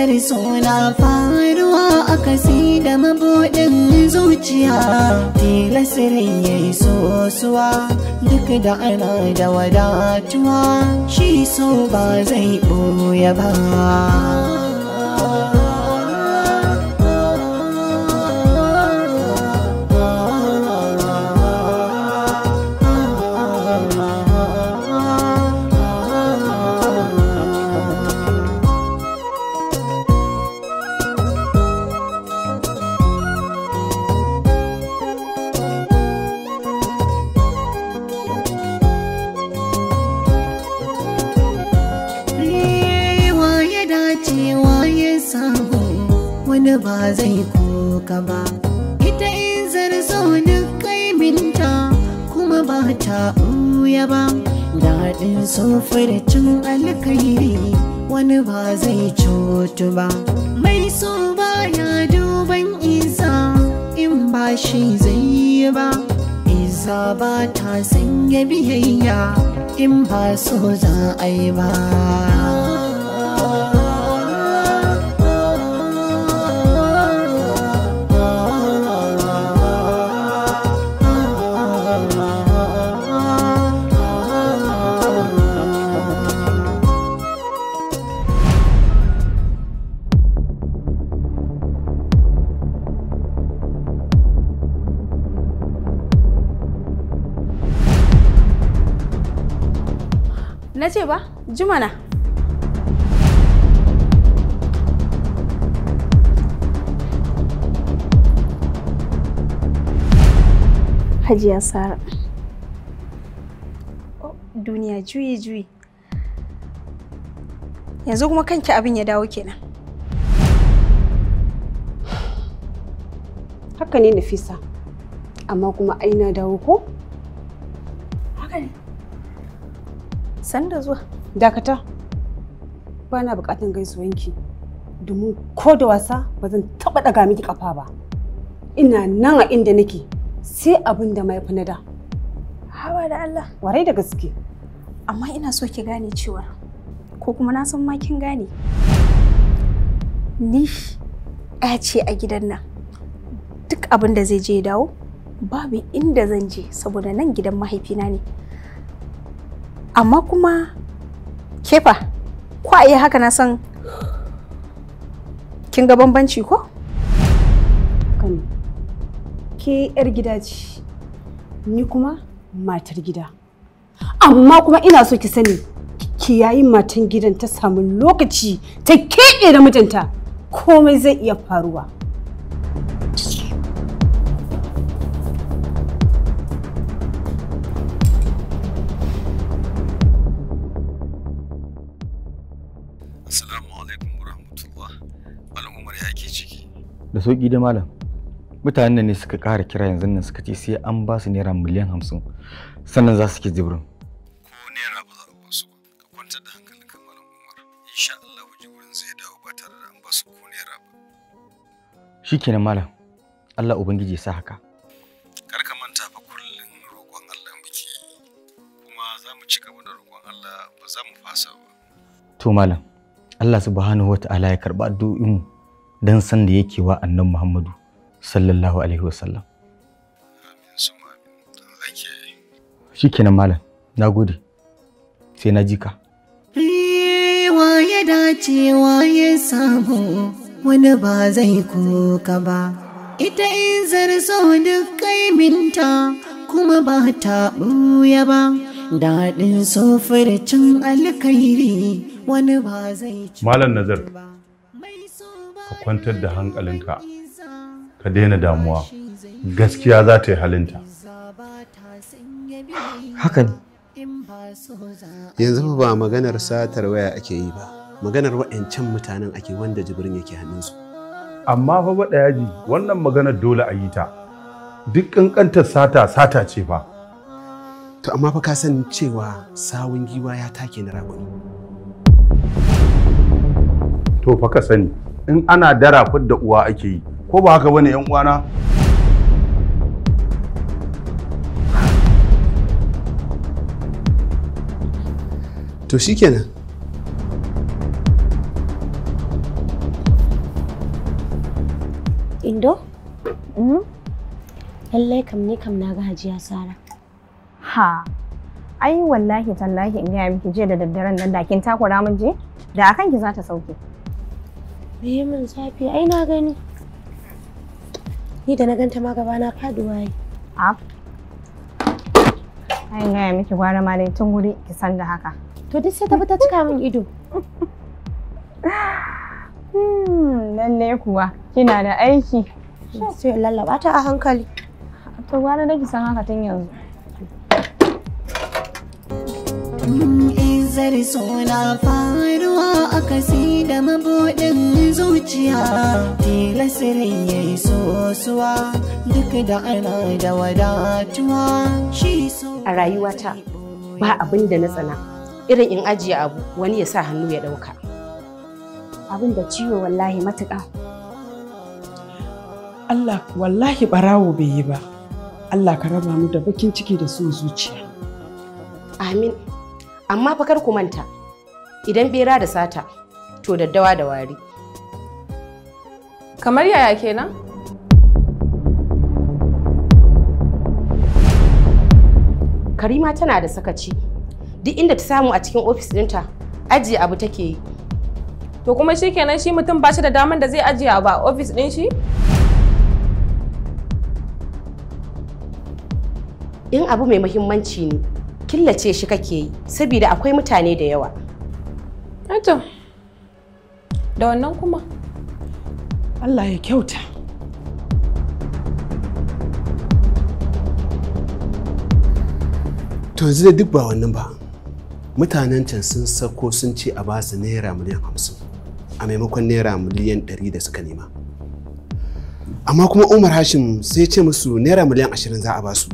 ƙaunar suna faruwa a kasi da mabuɗin zuciya sirin ya yi sosuwa duk da ana da wadatuwa shi so ba zai ɓoya ba ba zai koka ba ita in izar kai kaiminta kuma ba ta ɓuya ba daɗin cin alkairi wani ba zai cutu ba mai so ba ya duban isa in ba shi zai ba isa ba ta sanya biyayya in ba so za a yi ba ce ba jumana hajiya sara duniya juyi juyi yanzu kuma kanki abin ya dawo kenan haka ne nafisa amma kuma aina na dawo ko Sanda zuwa. Dakata. Ba na bukatan gaisuwanki. Domin ko da wasa ba zan taɓa ɗaga miki ƙafa ba. Ina nan a inda nake sai abinda da mai na da. Hawa da Allah. Warai da gaske. Amma ina so ki gane cewa ko kuma na san ma gane. Ni ɗa ce a gidan nan. Duk abin da zai je dawo babu inda zan je saboda nan gidan mahaifina ne. amma kuma kefa kwa iya haka na san kin ga bambanci ko? Kano, ke 'yar gida ce, ni kuma matar gida. Amma kuma ina so ki sani, ki yayin matan gidan ta samu lokaci ta keɓe da mijinta komai zai iya faruwa. da sauki da malam mutanen ne suka ƙara kira yanzu nan suka ce sai an ba su naira miliyan hamsin sannan za su ke jibrin ko naira ba za a ba su ba ka kwanta da kan malam umar insha Allah jibrin zai dawo ba tare da an ba su ko naira ba shikenan malam Allah ubangiji ya sa haka kar ka manta fa kullun roƙon Allah muke kuma za mu ci gaba da roƙon Allah ba za mu fasa ba to malam Allah subhanahu wataala ya karba addu'o'in mu don san da yake wa annan Muhammadu sallallahu alaihi wasallam. Shi kenan malam, na gode, sai na jika. Wa ya dace wa ya samu wani ba zai kuka ba, ita in zarzo duk kaiminta kuma ba ta ɓuya ba, daɗin sofar cin alkairi wani ba zai ci ba. Malam Nazar. ka kwantar da hankalinka ka daina damuwa gaskiya za ta yi halinta haka ne yanzu ba maganar satar waya ake yi ba maganar wa'ancan mutanen ake wanda jibirin yake hannunsu amma fa ɗaya ji wannan maganar dole a yi ta duk ƙanƙantar sata sata ce fa to amma fa ka san cewa sawun giwa ya take na raƙuni to fa ka sani in ana dara da uwa ake yi ko ba haka bane yan uwana to shikenan indo mm-hmm. lallai kam ne kam na ga hajiya sara ha ai wallahi tallahi in gaya miki jiya da daddaren nan da kin takura min je da akan ki za ta sauke Me min zafi ai na gani. Ni da na ganta ma gaba na faduwa yi. A. Ai gaya miki gwara ma dai tun guri ki san da haka. To duk sai ta fita cika min ido. Hmm, lalle kuwa kina da aiki. Sai lallaba ta a hankali. To gwara da ki san haka tun yanzu. Mm, eh. zarso na faruwa a kasi da mabuɗin zuciya tilasirin ya yi sosuwa duk da ana da wadatuwa shi so a rayuwata ba abin da na tsana irin in ajiye abu wani ya sa hannu ya ɗauka abin da ciwo wallahi matuƙa Allah wallahi ɓarawo bai yi ba Allah ka raba mu da bakin ciki da son zuciya amin amma fa kar ku manta idan bera da sata to daddawa da wari kamar yaya kenan karima tana da sakaci duk inda ta samu a cikin ofis ɗinta ajiye abu take yi to kuma shi kenan shi mutum ba shi da daman da zai ajiye abu a ofis ɗin shi in abu mai muhimmanci ne killace shi kake yi saboda akwai mutane da yawa ato da wannan kuma Allah ya kyauta to yanzu da duk ba wannan ba mutanen can sun sako sun ce a basu naira miliyan hamsin a maimakon naira miliyan ɗari da suka nema amma kuma umar hashim sai ya ce musu naira miliyan ashirin za a basu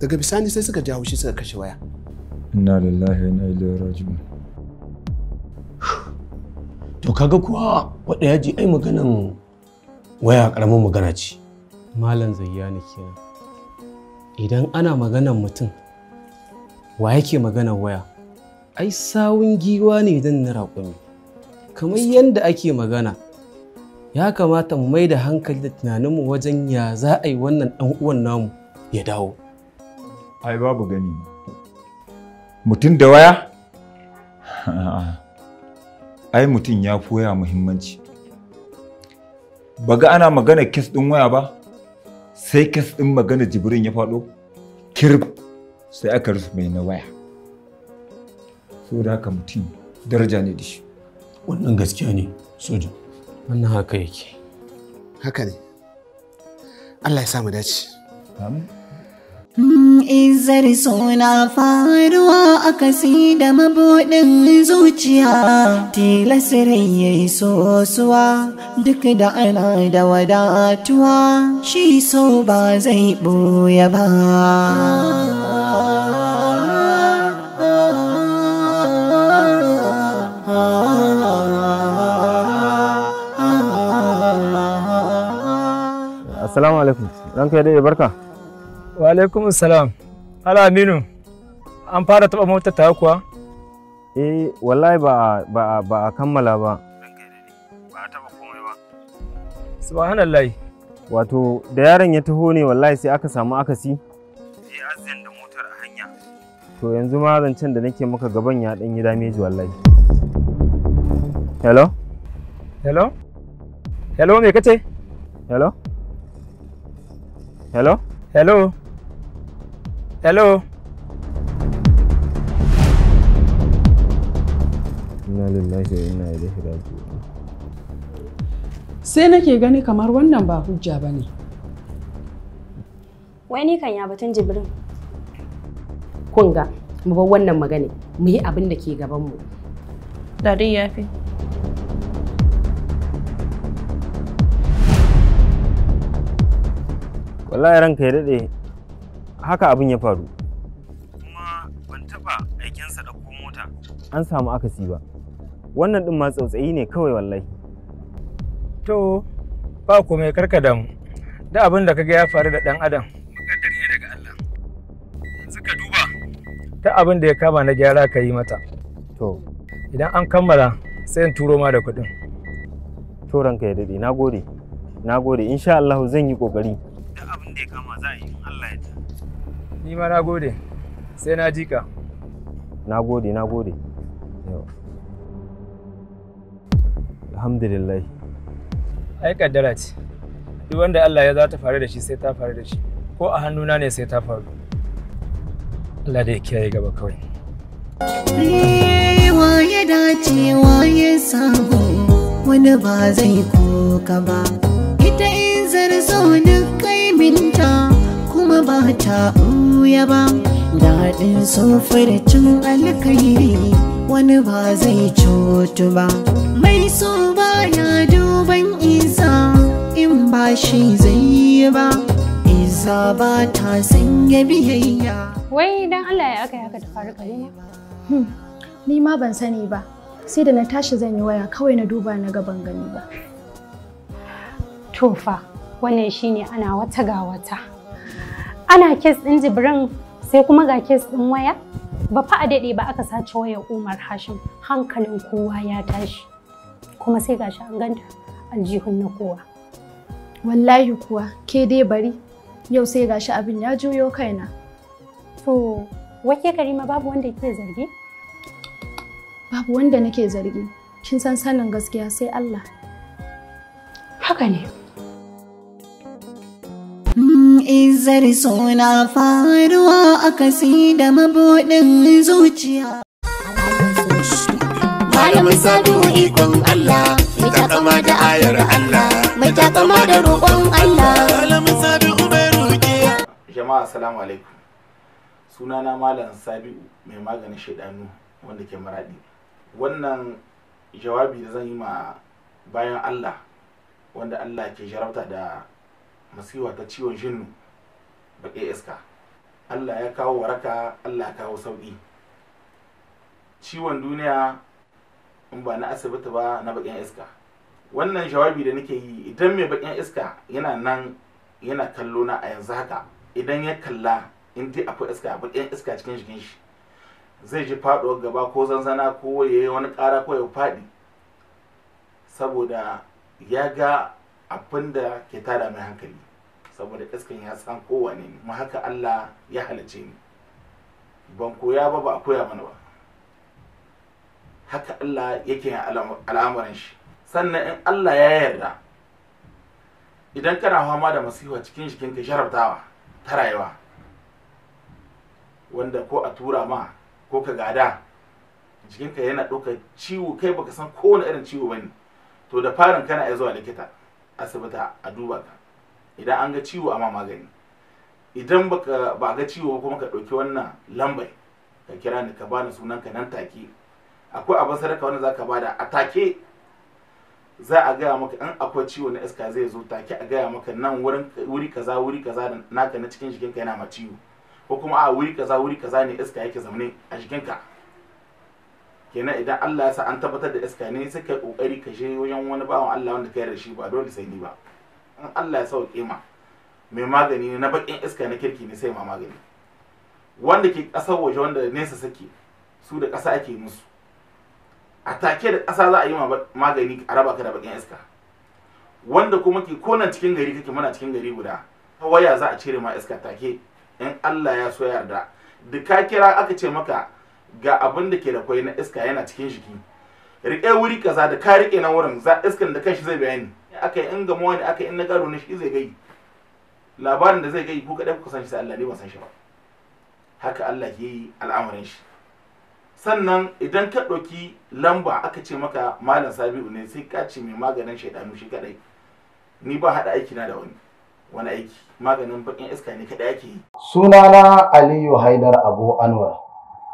daga bisani sai suka ja haushi suka kashe waya inna lillahi wa inna ilaihi raji'un to kaga kuwa wadda ya ji ai maganan waya karamin magana ce malam zayyani kenan idan ana maganan mutum wa yake maganan waya ai sawun giwa ne dan na raƙumi kamar yadda ake magana ya kamata mu mai da hankali da tunaninmu wajen ya za a yi wannan ɗan uwan namu ya dawo ai babu gani mutum da waya ai mutum ya koya muhimmanci baga ana magana kes ɗin waya ba sai kes ɗin magana jibrin ya faɗo kirb sai aka rufe mai na waya da haka mutum daraja ne da shi wannan gaskiya ne soja wannan haka yake haka ne allah ya samu dace amin Izar suna faruwa a kasi da mabuɗin zuciya, tilasirin ya yi sosuwa duk da ana da wadatuwa, shi so ba zai ɓoye ba. Assalamu alaikum. Ranka ya daɗe barka. Wa alaikum salam. Ala Aminu, an fara taɓa mota ta kuwa? Eh, wallahi ba ba ba a kammala ba. Ba a taba komai ba. Subhanallahi. Wato da yaron ya taho ne wallahi sai aka samu akasi. Eh, azin da motar a hanya. To yanzu ma zancen da nake maka gaban ya dan yi dameji wallahi. Hello? Hello? Hello me kace? Hello? Hello? Hello? hello sai nake gani kamar wannan ba hujja ba ne wai ni kan ya batun jibrin Kunga, mu bar wannan magana mu yi abin da ke gaban mu da dai wallahi ranka ya dade haka abin ya faru kuma ban taba da ɗauko mota an samu akasi ba wannan ɗin ma tsautsayi ne kawai wallahi to ba ku mai karka damu da abin da kaga ya faru da ɗan adam muƙaddari ne daga Allah yanzu ka duba ta abin da ya kama na gyara ka yi mata to idan an kammala sai in turo ma da kuɗin to ranka ya daɗe na gode na gode insha Allah zan yi ƙoƙari da abin da ya kama Ni ma na gode. Sai na ji ka. Na gode, na gode. Alhamdulillah. Ai kaddara ce. Duk wanda Allah ya za ta faru da shi sai ta faru da shi. Ko a hannuna ne sai ta faru. Allah da ya kiyaye gaba kawai. Wa ya dace wa ya samu wani ba zai koka ba. Ita in zarzo duk kai minta. kuma ba ta ɓuya ba daɗin cin alkairi wani ba zai cutu ba mai so ba ya duban isa in ba shi zai yi ba isa ba ta sanya biyayya wai don allah ya aka yi haka faru hmm, ni ma ban sani ba sai da na tashi zan yi waya kawai na duba na gaban gani ba tofa wannan shine ana wata ga wata ana kes ɗin jibrin sai kuma ga kes ɗin waya ba fa a daɗe ba aka sace wayar umar hashim hankalin kowa ya tashi kuma sai gashi an ganta aljihun na kowa wallahi kuwa ke dai bari yau sai gashi abin ya juyo kaina to wake karima babu wanda ke zargi babu wanda nake zargi kin san sanin gaskiya sai Allah haka ne izar suna faruwa a kasi da mabuɗin zuciya. Malamin sadu ikon Allah, mai takama da ayar Allah, mai takama da roƙon Allah. Malamin sadu mai roƙe. Jama'a salamu alaikum. na Malam Sabi'u mai maganin shaidanu wanda ke maraɗi. Wannan jawabi da zan yi ma bayan Allah wanda Allah ke jarabta da masiwa ta ciwon shinnu baƙi iska allah ya kawo waraka allah ya kawo sauƙi ciwon duniya in ba na asibiti ba na baƙin iska wannan jawabi da nake yi idan mai baƙin iska yana nan yana kallo na a yanzu haka idan ya kalla in dai akwai iska baƙin iska cikin jikin shi zai ji faɗuwar gaba ko zanzana ko ya yi wani ƙara ko ya faɗi saboda ya ga abinda ke tada mai hankali saboda iskan ya san kowane ne kuma haka Allah ya halice ni ban koya ba ba a koya mana ba haka Allah yake yin al'amuran shi sannan in Allah ya yarda idan kana fama da masifa cikin jikinka sharabtawa ta rayuwa wanda ko a tura ma ko ka gada jikinka yana ɗauka ciwo kai baka san kowane irin ciwo bane to da farin kana iya zuwa likita asibita a duba ka idan an ga ciwo a magani idan ba ga ciwo kuma ka ɗauki wannan lambai ka kira ni ka bani sunan ka nan take akwai abin sadaka wanda zaka bada a take za a gaya maka in akwai ciwo na iska zai zo take a gaya maka nan wurin wuri kaza wuri kaza naka na cikin jikinka yana ma ciwo ko kuma a wuri kaza wuri kaza ne iska yake zaune a jikinka kenan idan Allah ya sa an tabbatar da iska ne sai kai kokari ka je wajen wani bawan Allah wanda kai da shi ba dole sai ni ba in Allah ya sauke ma mai magani ne na bakin iska na kirki ne sai ma magani wanda ke ƙasar waje wanda nesa sake su da ƙasa ake musu a take da ƙasa za a yi ma magani a raba ka da bakin iska wanda kuma ke konan cikin gari kake muna cikin gari guda ta waya za a cire ma iska take in Allah ya so yarda da ka kira aka ce maka ga abin da ke da kwai na iska yana cikin jiki riƙe wuri kaza da ka rike na wurin za iskan da kanshi zai bayani aka yi in gamuwa ne aka yi in na ne shi zai gai labarin da zai gai ku kaɗai kuka san shi sai Allah ne ba san shi ba haka Allah ke yi al'amarin shi sannan idan ka ɗauki lamba aka ce maka malam sabi'u ne sai ka ce mai maganin shaidanu shi kaɗai ni ba haɗa aiki na da wani wani aiki maganin bakin iska ne kaɗai ake yi sunana aliyu haidar abu anwar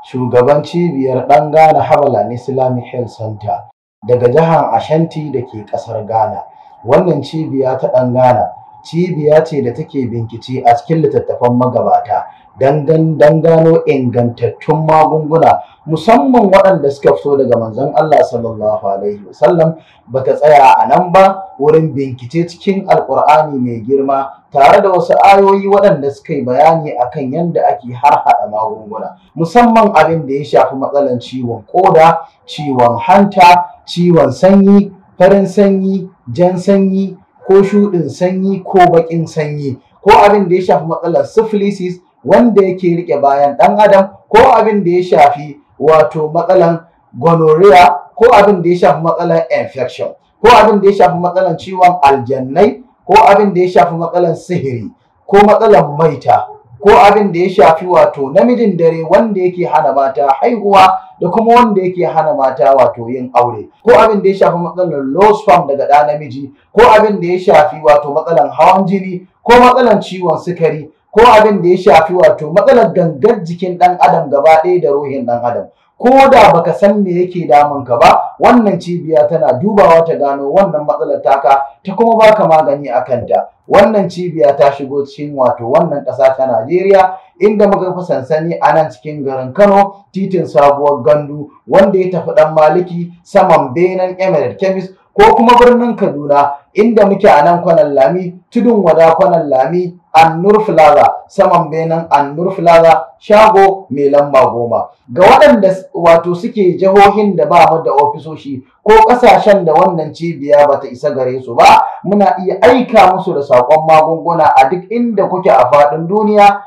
shugaban cibiyar ɗan ghana habala islamic health center daga jihar ashanti da ke ƙasar ghana wannan cibiya ta ɗan gana, cibiya ce da take bincike a cikin littattafan magabata don gano ingantattun magunguna musamman waɗanda suka fito daga manzon Allah sallallahu alaihi wasallam ba tsaya a nan ba wurin binkice cikin alkur'ani mai girma tare da wasu ayoyi waɗanda suka yi bayani akan yadda ake harhaɗa magunguna musamman abin da ya shafi matsalan ciwon koda ciwon hanta ciwon sanyi farin sanyi jan sanyi ko shuɗin sanyi ko baƙin sanyi ko abin da ya shafi matsalar syphilis wanda yake rike bayan ɗan adam ko abin da ya shafi wato matsalar gonorrhea ko abin da ya shafi matsalar infection ko abin da ya shafi matsalar ciwon aljannai ko abin da ya shafi matsalar sihiri ko matsalar maita ko abin da ya shafi wato namijin dare wanda yake hana mata haihuwa da kuma wanda yake hana mata wato yin aure ko abin da ya shafi matsalar low sperm daga ɗa namiji ko abin da ya shafi wato matsalar hawan jini ko matsalar ciwon sukari ko abin da ya shafi wato matsalar gangar jikin ɗan adam gaba ɗaya da ruhin ɗan adam ko da baka san me yake damun ka ba wannan cibiya tana dubawa ta gano wannan matsalar taka ta kuma baka magani a kanta wannan cibiya ta shigo cikin wato wannan ƙasa ta Najeriya inda muka fi sansani a nan cikin garin Kano titin sabuwar gandu wanda ya tafi dan maliki saman benin emirate chemist ko kuma birnin Kaduna inda muke a nan kwanan lami tudun wada kwanan lami annur plaza saman benin annur plaza shago mai lamba goma ga waɗanda wato suke jihohin da ba mu da ofisoshi ko ƙasashen da wannan cibiya ba ta isa gare su ba muna iya aika musu da saƙon magunguna a duk inda kuke a faɗin duniya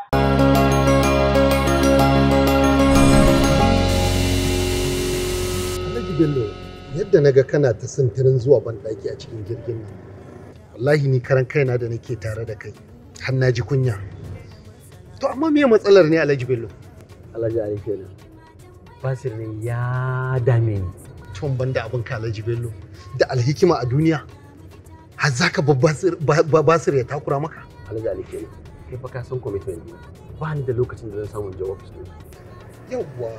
Hello. yadda na ga kana ta sintirin zuwa banɗaki a cikin jirgin nan wallahi ni karan kaina da nake tare da kai har na kunya to amma me matsalar ne alhaji bello alhaji ali kenan basir ne ya dame ni tun banda abin ka alhaji bello da alhikima a duniya har zaka basir ya takura maka alhaji ali kenan kai fa ka san commitment ba ni da lokacin da zan samu jawab office yawwa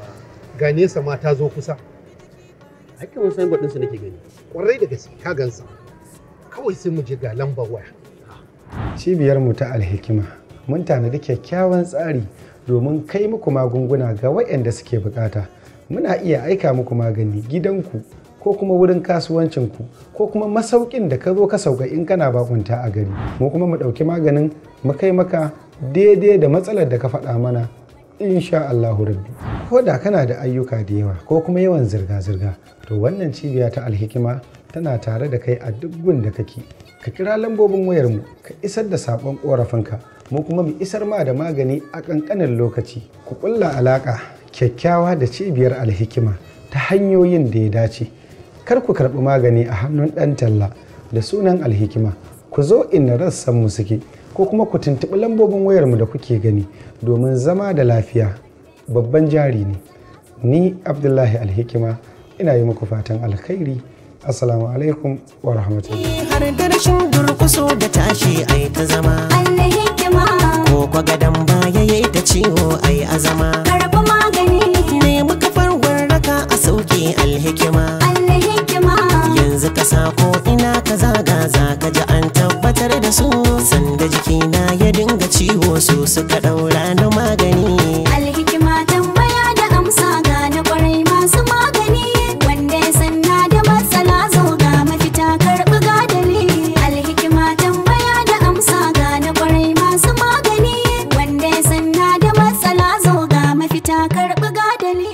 gane sa ma zo kusa haƙƙin wani sign board nake gani ƙwarai da gaske ka gansa kawai sai mu je ga lambar waya cibiyar mu ta alhikima mun tanadi kyakkyawan tsari domin kai muku magunguna ga waɗanda suke bukata muna iya aika muku magani gidanku ko kuma wurin kasuwancinku ko kuma masaukin da ka zo ka sauka in kana bakunta a gari mu kuma mu ɗauki maganin mu kai maka daidai da matsalar da ka faɗa mana insha Allahu rabbi ko da kana da ayyuka da yawa ko kuma yawan zirga-zirga to wannan cibiya ta alhikima tana tare da kai a duk gun da kake ka kira lambobin wayar mu ka isar da saƙon ƙorafinka mu kuma mu isar ma da magani a kankanin lokaci ku ƙulla alaka kyakkyawa da cibiyar alhikima ta hanyoyin da ya dace kar ku karɓi magani a hannun ɗan talla da sunan alhikima ku zo inda rassan mu suke ko kuma ku tuntuɓi lambobin wayarmu da kuke gani domin zama da lafiya babban jari ne ni abdullahi alhikima ina yi muku fatan alkhairi assalamu alaikum wa rahmatullahi ka sako ina ka zaga zaka an tabbatar da su sanda jikina ya dinga ciwo su suka ɗaura na magani alhikima tambaya da amsa ga na kwarai masu magani wanda ya sanna da matsala zo ga mafita karɓi gadani alhikima tambaya da amsa ga na kwarai masu magani wanda ya sanna da matsala zo ga mafita karɓi gadani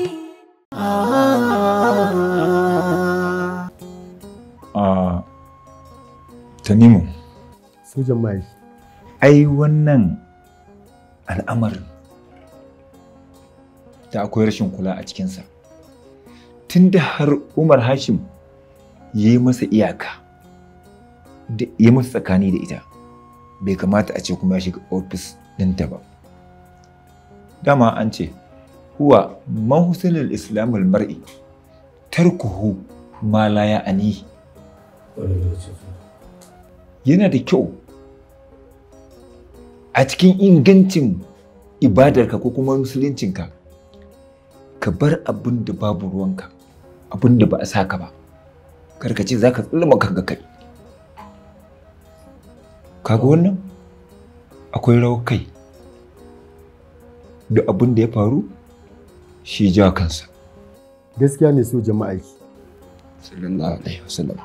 ah, Tanimu. Sojan mai. ai wannan al'amarin da akwai rashin kula a cikinsa tunda har umar hashim ya yi masa iyaka ya yi masa tsakani da ita bai kamata a ce kuma ya shiga ofis ɗinta ba dama an ce huwa mahusalin islamul mar'i tarkuhu ma la ya ani yana da kyau a cikin ingancin ibadarka ko kuma musuluncinka ka bar abin da babu ruwanka abin da ba a saka ba karkace ce za ka tsulma kanka kai kaga wannan akwai rawar kai da abin da ya faru shi ja kansa gaskiya ne so jama'a yi sallallahu alaihi wasallam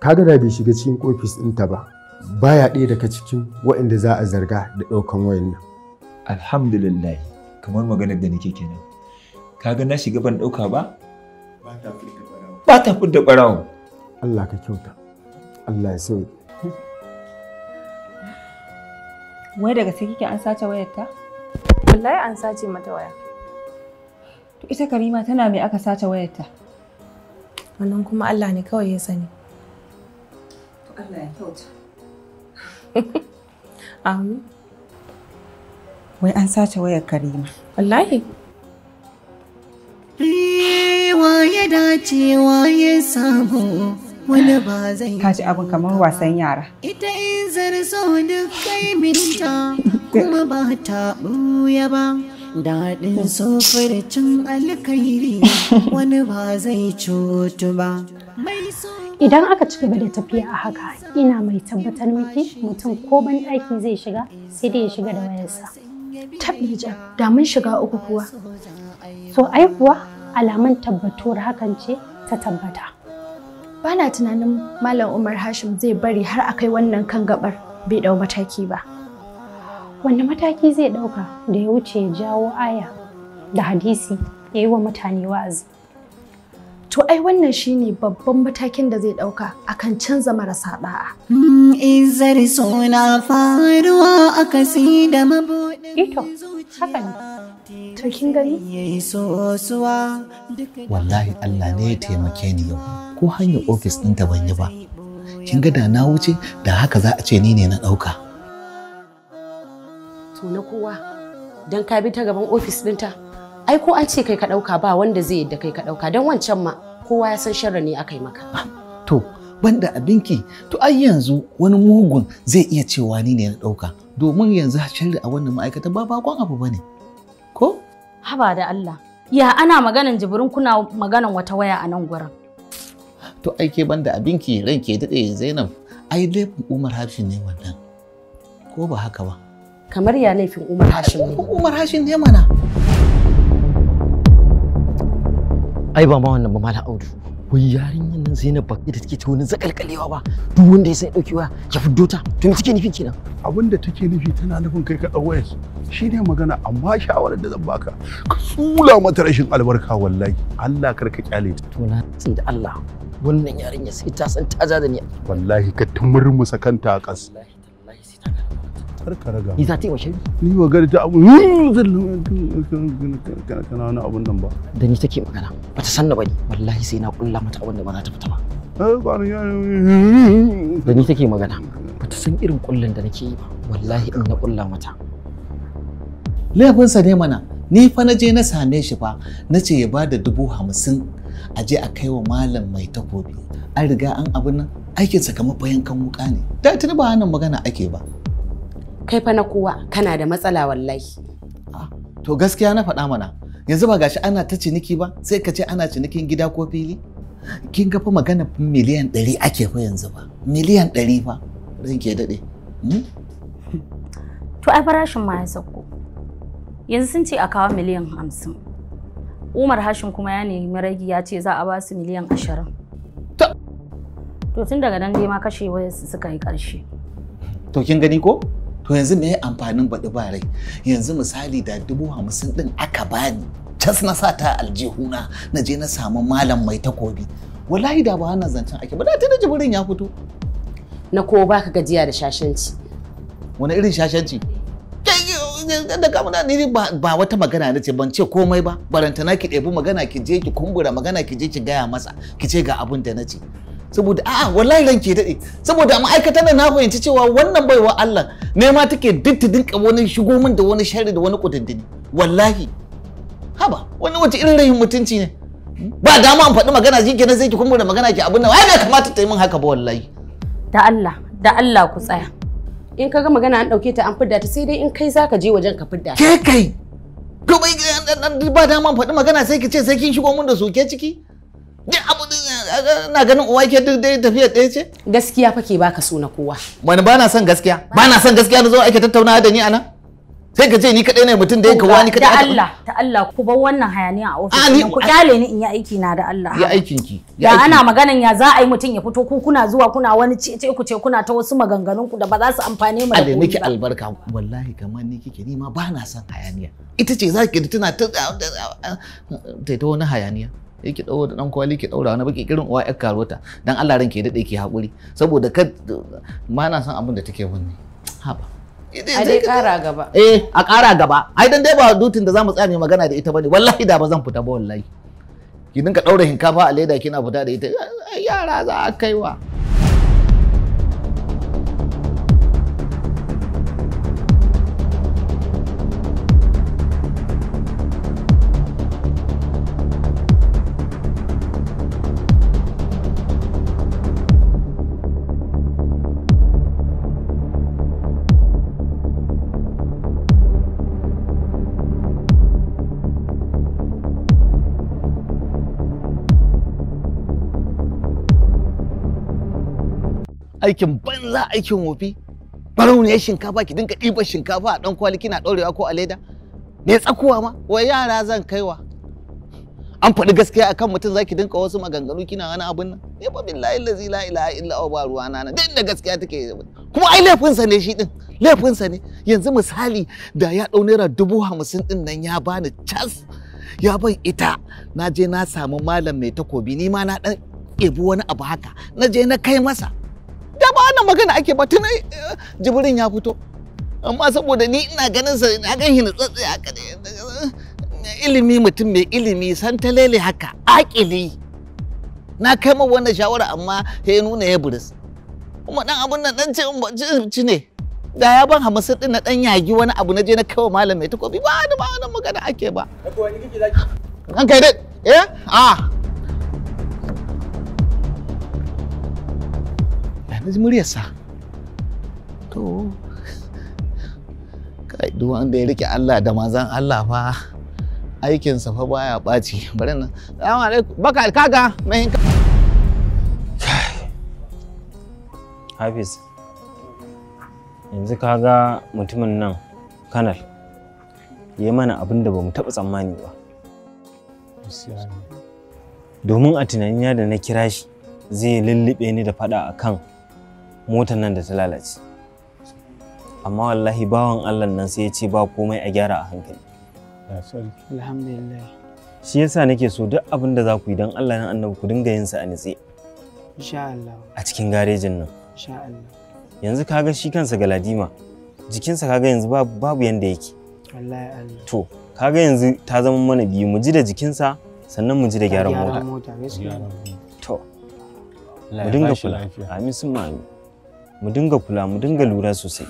kaga da bai shiga cikin ofis ɗinta ba baya ɗaya daga cikin waɗanda za a zarga da ɗaukan wayan nan. Alhamdulillah kamar maganar da nake kenan. Kaga na shiga ban ɗauka ba? Ba ta da ɓarawo. Allah ka kyauta. Allah ya sauya. Wai daga sai kike an sace wayarta? Wallahi an sace mata waya. To ita Karima tana mai aka sace wayarta? Wannan kuma Allah ne kawai ya sani. To Allah ya kyauta. Ahu. Wai an sace wayar Karima. Wallahi. Riwa ya dace waye sabo wani ba zai Ka ji abin kamar wasan yara. Ita in zarzo duk kai minta kuma ba ta ɓuya ba. daɗin sofircin alkairi wani ba zai cutu ba idan aka ci gaba da tafiya a haka ina mai tabbatar miki mutum ko ban ɗaki zai shiga sai dai ya shiga da wayarsa tabbija da mun shiga uku kuwa to ai kuwa alaman tabbatuwar hakan ce ta tabbata bana tunanin malam umar hashim zai bari har a kai wannan kan gabar bai ɗau mataki ba wanda mataki zai ɗauka da ya wuce ya jawo aya da hadisi ya yi wa mutane wa'azi. To ai wannan shine babban matakin da zai ɗauka akan canza marasa ɗa'a. Mm, zari suna faruwa a kasi da Ito, eh haka ne. To kin gani? Wallahi Allah ne ya taimake ni yau. Ko hanyar ofis ɗinta ban yi ba. Kin ga da na wuce da haka za a ce ni ne na ɗauka. to na kowa don ka bi ta gaban ofis ɗinta ai ko an ce kai ka ɗauka ba wanda zai yadda kai ka ɗauka don wancan ma kowa ya san sharra ne aka yi maka. Ah, to banda abinki to ai yanzu wani mugun zai iya cewa ni ne na ɗauka domin yanzu sharri a wannan ma'aikata ba bakon abu ba ne ko. haba da Allah ya ana maganan jibirin kuna maganan wata waya a nan gurin. to ke banda abinki ranke daɗe zainab ai laifin umar harshen ne wannan ko ba haka ba. kamar ya laifin Umar Hashim ne. Umar Hashim ne mana. Ai ba ma wannan ba Malam Audu. Wai yarinyar nan Zainab ba da take ta wani zakalkalewa ba. Duk wanda ya sai daukewa ya fiddo ta. To me take nufin kenan? Abin da take nufi tana nufin kai ka shine Shi ne magana amma shawarar da zan baka ka sula mata rashin albarka wallahi. Allah kar ka kyale ta. To na tsin da Allah. Wannan yarinya sai ta san ta da ni. Wallahi ka tumurmusa kanta a ƙasa. Wallahi wallahi sai ta kar ka raga ni za ta yi washe ni ba gari ta abu kana wani abun nan ba da ni take magana ba ta san na bane wallahi sai na kulla mata abun da ba za ta fita ba eh, da ni take magana ba ta san irin kullun da nake yi ba wallahi in na kulla mata laifinsa ne mana ni fa na je na same shi fa na ce ya ba da dubu hamsin a je a kai wa malam mai takobi an riga an abin nan aikinsa kamar bayan kan wuka ne da tuni ba nan magana ake ba kai fa na kowa kana da matsala wallahi ah, to gaskiya na faɗa mana yanzu ba gashi ana ta ciniki ba sai ka ce ana cinikin gida ko fili kin ga fa magana miliyan ɗari ake fa yanzu ba miliyan ɗari fa zan ke daɗe hmm? to ai farashin ma ya sauko yanzu sun ce a kawo miliyan hamsin umar hashin kuma ya nemi ragi ya ce za a ba su miliyan ashirin to tun daga nan dai ma kashe wayarsu suka yi ƙarshe to kin gani ko to yanzu me amfanin baɗi ba rai yanzu misali da dubu hamsin ɗin aka bani cas na sa ta aljihuna na je na samu malam mai takobi wallahi da ba hana zancen ake ba da tana jibirin ya fito na ko ka gajiya da shashanci wani irin shashanci da kamuna ni ba wata magana na ce ban ce komai ba barantana ki ɗebi magana ki je ki kumbura magana ki je ki gaya masa ki ce ga abin da na ce saboda a'a wallahi ran ke daɗe saboda ma'aikatan da na fahimci cewa wannan baiwa Allah ne ma take dinta dinka wani shigo min da wani sharri da wani kudindini wallahi haba wani wata irin rahin mutunci ne ba dama an faɗi magana shi kenan zai ki da magana ki abin nan ai bai kamata ta yi min haka ba wallahi da Allah da Allah ku tsaya in kaga magana an ɗauke ta an fidda ta sai dai in kai zaka je wajen ka fidda ke kai to bai eh, eh, eh, ba dama an faɗi magana sai ki ce sai kin shigo min da soke ciki ina ganin uwa ke duk dai tafiya ɗaya ce gaskiya fa ke baka so na kowa wani ba na son gaskiya ba na son gaskiya na zo ake tattaunawa da ni anan sai ka ce ni kadai ne mutum da ya kawo ni kadai da Allah ta Allah ku bar wannan hayaniya a ofis ku kyale ni in yi aiki na da Allah ya aikin ki ya ana maganan ya za a yi mutum ya fito ku kuna zuwa kuna wani ce ce ku ce kuna ta wasu maganganun ku da ba za su amfane mu da ku miki albarka wallahi kamar ni kike ni ma ba na son hayaniya ita ce zaki tana ta ta wani hayaniya yake ki dawo da dan kwali ki daura wani baki irin uwa yar karota dan Allah ranke ya dade ke hakuri saboda ka, ma na san abin da take bunni haba a dai kara gaba eh a kara gaba ai dan dai ba dutin da zamu tsaya mai magana da ita bane wallahi da ba zan fita ba wallahi ki dinka daura hinkafa a leda kina fita da ita yara za a kaiwa aikin banza aikin wofi barauniyar shinkafa ki dinka ɗibar shinkafa a ɗan kwali kina ɗorewa ko a leda me tsakuwa ma wai yara zan kaiwa an faɗi gaskiya akan mutum zaki dinka wasu maganganu kina wani abun nan ne eh, ba billahi lazi la ilaha illa huwa ba ruwa na din da gaskiya take kuma ai laifin sa ne shi din laifin sa ne yanzu misali da ya dau naira dubu hamsin din nan ya bani cas ya ban ita na je na samu malam mai takobi ni ma na ɗan ebi wani abu haka na je na kai masa wannan magana ake ba tun eh, jibrin ya fito amma saboda ni ina ganin sa na ganin shi nutsatsi haka ilimi mutum mai ilimi san lele haka akili na kai ma wannan shawara amma sai ya nuna ya buris kuma dan abun nan dan ci ne da ya ban hamsin din na dan yagi wani abu na je na kawo malam mai takobi ba da ba wannan magana ake ba. wani kike zaki? An kai dai. Eh? Ah. ya to kai duk wanda ya rike Allah da manzan Allah fa aikinsa fa baya baci. bari nan salamu alaikum baka kaga mai Hafiz yanzu kaga mutumin nan kanal ya mana abin da ba taɓa tsammani ba domin a tunanin da na kira shi zai lullube ni da faɗa akan motar nan da ta lalace amma wallahi bawan allah nan sai ya ce ba komai a gyara a hankali shi yasa nake so duk abin da za ku yi don allah na annabi ku dinga yin sa a nitse a cikin garejin nan yanzu kaga shi kansa galadima jikinsa kaga yanzu babu yanda yake to kaga yanzu ta zama mana biyu mu ji da jikinsa sannan mu ji da gyaran mota to mu dinga kula amin sun ma'ami mu dinga kula mu dinga lura sosai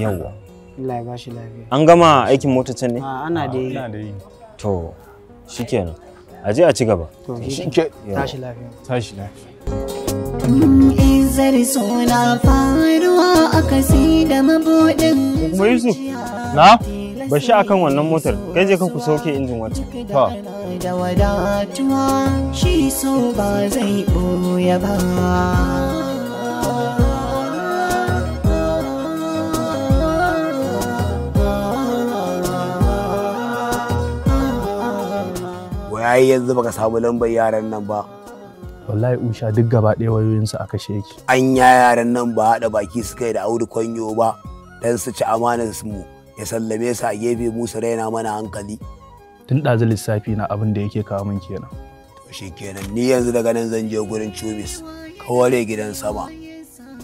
yawa Allah ya lafiya an gama aikin mota can ne a ah, ana da yi to shikenan a je a ci gaba to tashi lafiya tashi lafiya suna faruwa a da mabuɗin Kuma Yusuf, na? Bashi akan wannan motar, kai je ka ku sauke injin wata. Da wadatuwa, shi so ba zai ɓoye ba. waye yanzu baka samu lambar yaran nan ba wallahi usha duk gaba ɗaya wayoyin su aka sheki an ya yaran nan ba haɗa baki suka yi da audu kwanyo ba dan su ci amanar mu ya sallame su a gefe mu su raina mana hankali tun ɗazu lissafi na abin da yake kawo min kenan to shi kenan ni yanzu daga nan zan je gurin cubis kawale gidan sama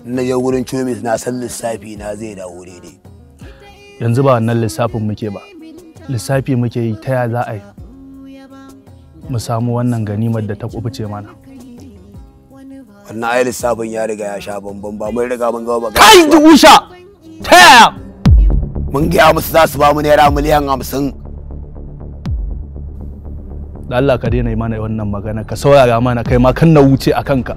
na je gurin cubis na san lissafi na zai dawo daidai yanzu ba wannan lissafin muke ba lissafi muke yi ta ya za a yi mu samu wannan ganimar da ta kubuce mana wannan ayi lissafin ya riga ya sha bambam ba mun riga mun gaba ba kai ji usha ta yaya mun gaya musu za su ba mu naira miliyan hamsin da Allah ka daina yi mana wannan magana ka saurara mana kai ma kan na wuce a kanka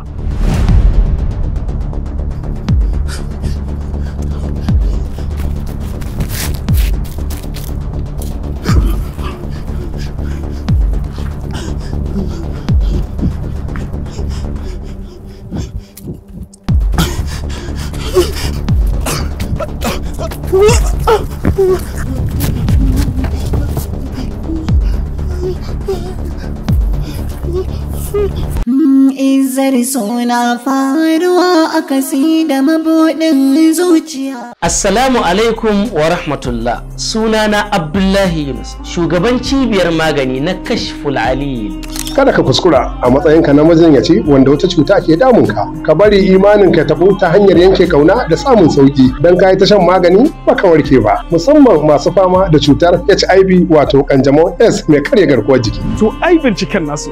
suna faruwa a kasi da mabuɗin zuciya. Assalamu alaikum wa rahmatullah Suna na Abdullahi Yunus shugaban cibiyar magani na kashful alil. Kada ka kuskura a matsayinka na ce, wanda wata cuta ke damunka. Ka bari imanin ka taɓo ta hanyar yanke kauna da samun sauki don ka yi ta shan magani baka warke ba. Musamman masu fama da cutar HIV wato kanjamau S mai karya garkuwar jiki. To ai binciken nasu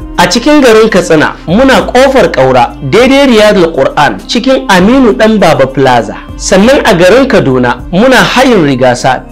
a cikin garin katsina muna kofar ƙaura daidai riyadul qur'an cikin aminu dan baba plaza sannan a garin kaduna muna hayin rigasa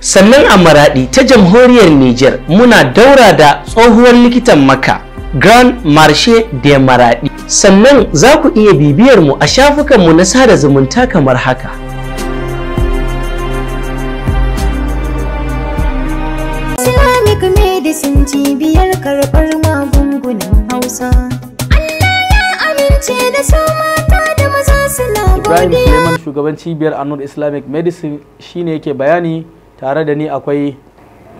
sannan a maraɗi ta jamhuriyar Nijar muna daura da tsohuwar likitan maka grand marche de maraɗi sannan za ku iya bibiyar mu a shafukanmu na sada zumunta kamar haka cibiyar Ibrahim Suleiman shugaban cibiyar Anur Islamic Medicine shine yake bayani tare da ni akwai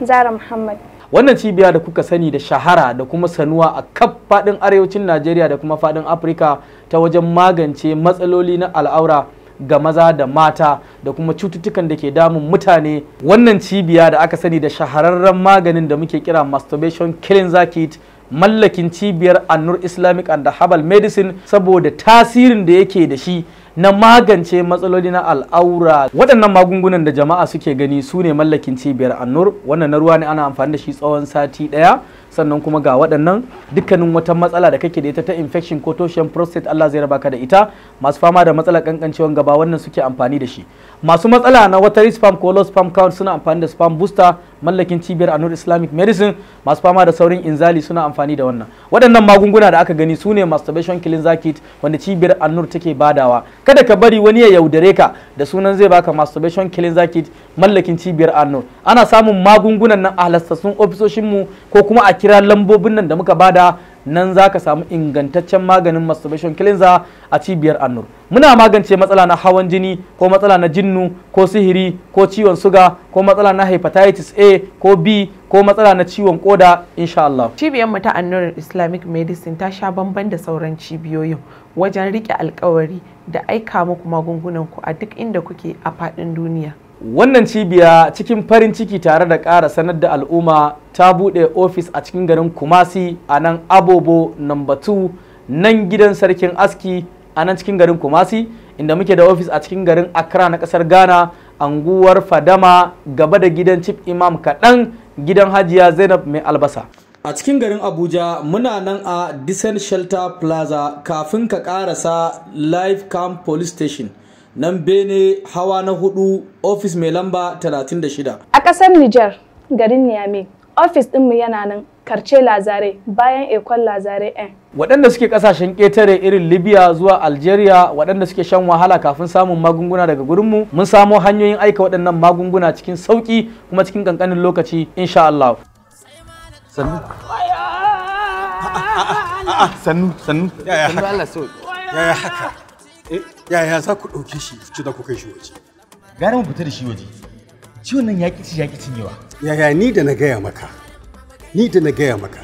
zara muhammad wannan cibiya da kuka sani da shahara da kuma sanuwa a kaf fadin arewacin najeriya da kuma fadin afirka ta wajen magance matsaloli na al'aura ga maza da mata da kuma cututtukan da ke damun mutane wannan cibiya da aka sani da shahararren maganin da muke kira masturbation cleanser kit mallakin cibiyar annur islamic and Habal medicine saboda tasirin da yake da shi na magance matsaloli na al'aura waɗannan magungunan da jama'a suke gani su ne mallakin cibiyar annur wannan na ruwa ne ana amfani da shi tsawon sati ɗaya sannan kuma ga waɗannan dukkanin wata matsala da kake da ita ta infection ko toshen prostate Allah zai raba ka da ita masu fama da matsalar kankancewan gaba wannan suke amfani da shi masu matsala na wata spam ko low spam count suna amfani da spam booster mallakin cibiyar anur islamic medicine masu fama da saurin inzali suna amfani da wannan waɗannan magunguna da aka gani su ne masturbation killing zakit wanda cibiyar anur take badawa kada ka bari wani ya yaudare ka da sunan zai baka masturbation killing zakit mallakin cibiyar anur ana samun magungunan nan a halastassun mu ko kuma a kira lambobin nan da muka bada nan za ka samu ingantaccen maganin masturbation cleanser a cibiyar annur muna magance matsala na hawan jini ko matsala na jinnu ko sihiri ko ciwon suga ko matsala na hepatitis a ko b ko matsala na ciwon koda insha Allah. Cibiyar mu ta Annur Islamic Medicine ta sha bamban da sauran cibiyoyin wajen rike alkawari da aika muku magungunan ku a duk inda kuke a faɗin duniya. wannan cibiya cikin farin ciki tare da ƙara sanar da al'umma ta buɗe ofis a cikin garin kumasi a nan abobo namba 2 nan gidan sarkin aski a nan cikin garin kumasi inda muke da ofis a cikin garin accra na ƙasar ghana anguwar fadama gaba da gidan chief imam kaɗan gidan hajiya zainab mai albasa a cikin garin abuja muna nan a descent shelter plaza kafin ka ƙarasa live camp police station nan bene hawa na hudu ofis mai lamba 36 a ƙasar nijar garin niamey ofis ɗinmu yana nan karce lazare bayan ekon lazare n waɗanda suke ƙasashen ƙetare irin libya zuwa algeria waɗanda suke shan wahala kafin samun magunguna daga gurinmu mun samo hanyoyin aika waɗannan magunguna cikin sauƙi kuma cikin ƙanƙanin lokaci insha Allah. sannu sannu sannu yaya haka yaya haka eh, yaya za ku ɗauke shi ci da ku kai shi waje gara mu fita da shi waje ciwon nan yaƙi ci yaƙi cinyewa yaya ni da na gaya maka ni da na gaya maka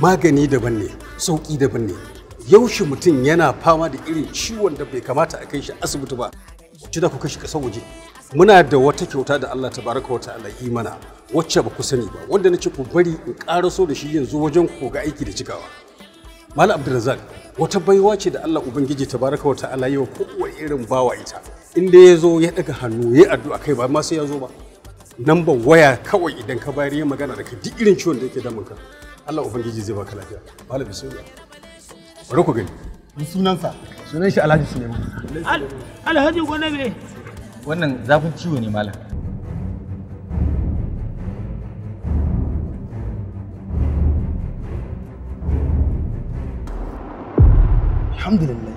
magani daban ne sauƙi daban ne yaushe mutum yana fama da irin ciwon da bai kamata a kai shi asibiti ba ci da ku kai shi ƙasar waje muna da wata kyauta da Allah baraka wata Allah yi mana wacce ba ku sani ba wanda na nace ku bari in ƙaraso da shi yanzu wajen ku ga aiki da cikawa Malam Abdulrazak wata baiwa ce da Allah Ubangiji baraka wa ta'ala yi wa kowa irin bawa ita inda ya zo ya daga hannu ya addu'a kai ba ma sai ya zo ba ba waya kawai idan ka bayar ya magana da ka duk irin ciwon da yake damun ka Allah Ubangiji zai baka lafiya malam bismillah bari ku gani sunansa sunan shi Alhaji Suleiman Alhaji Gwanabe wannan zafin ciwo ne malam Alhamdulillah.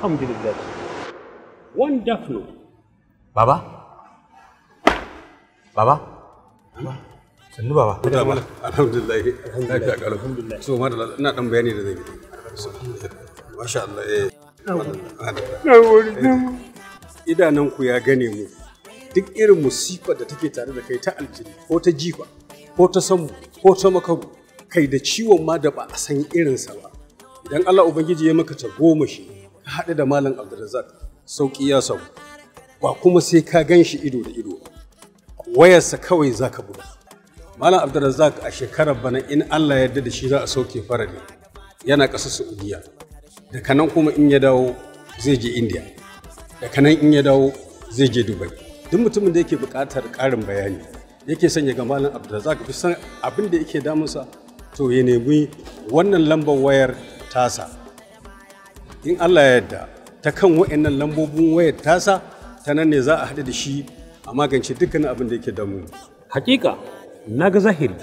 Alhamdulillah. Wonderful. Baba? Baba? Baba? Sannu Baba. Alhamdulillah. Alhamdulillah. So, madalla, ina dan bayani da zai bi. Masha Allah, eh. Na gode. Idananku ya gane mu. Duk irin musibar da take tare da kai ta aljini ko ta jifa ko ta samu ko ta makaru kai da ciwon ma da ba a san irinsa ba. idan Allah Ubangiji ya maka ta goma shi ka haɗu da Malam Abdulrazak sauƙi ya samu ba kuma sai ka gan shi ido da ido wayarsa kawai za ka buga Malam Abdulrazak a shekarar bana in Allah ya da shi za a sauke farari. yana ƙasa Saudiya daga nan kuma in ya dawo zai je India daga nan in ya dawo zai je Dubai duk mutumin da yake buƙatar ƙarin bayani yake sanya ga Malam Abdulrazak Bisa san abin da yake damunsa to ya nemi wannan lambar wayar tasa in allah ya yadda ta kan wa'annan lambobin wayar tasa ta nan ne za a haɗu da shi a magance dukkan abin da yake damu hakika na ga zahiri